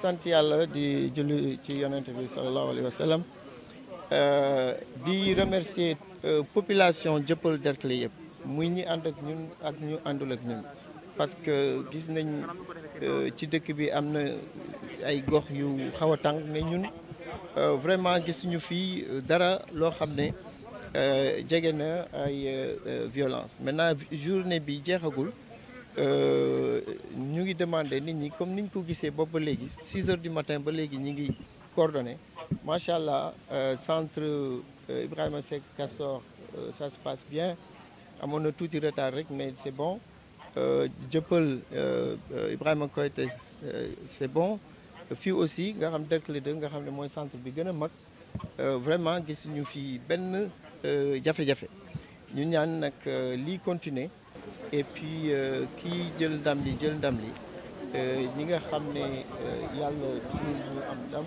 sant yalla di julli ci yonent bi sallallahu alayhi wa sallam euh, di remercier euh, population Dieuppeul Derklé yëpp muy ñi and ak ñun ak ñu andul ak ñun parce que gis nañ euh, ci dëkk bi amna ay gox yu xawa tang mais ñun vraiment gisuñu fi dara lo xamné euh djégena ay violence maintenant journée bi jeexagul euh, nous avons demandé comme nous avons dit, à 6 h du matin nous avons coordonné Machallah, le euh, centre euh, Ibrahim Seck Kassor, ça se passe bien mon tout tuuti retard rek mais c'est bon euh, Ibrahim Koyte c'est bon Fi aussi nga xam dit que nga xam ne mooy centre bi est a mag vraiment avons fii benn jafe-jafe ñu ñaan nag continuer et puis qui euh, jël ndam li jël ndam li euh, ñi nga xamné euh, yalla ñu am ndam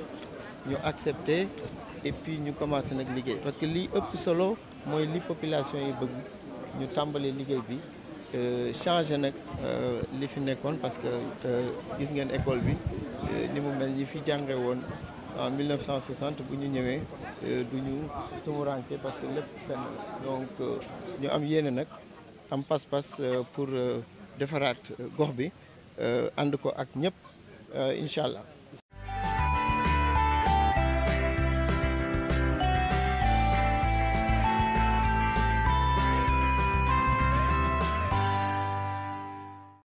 ñu accepté et puis ñu commencé nak liggéey parce que li ëpp solo moy li population yi bëgg ñu tambalé liggéey bi nak euh li fi nekkoon parce que gis ngeen école bi ni mu mel ñi fi jangé woon en 1960 bu ñu ñëwé duñu ñu parce que lepp ben donc ñu am yéene nak am pas-pas euh, pour euh, defaraat euh, gox bi ànd ko ak ñëpp incha allah.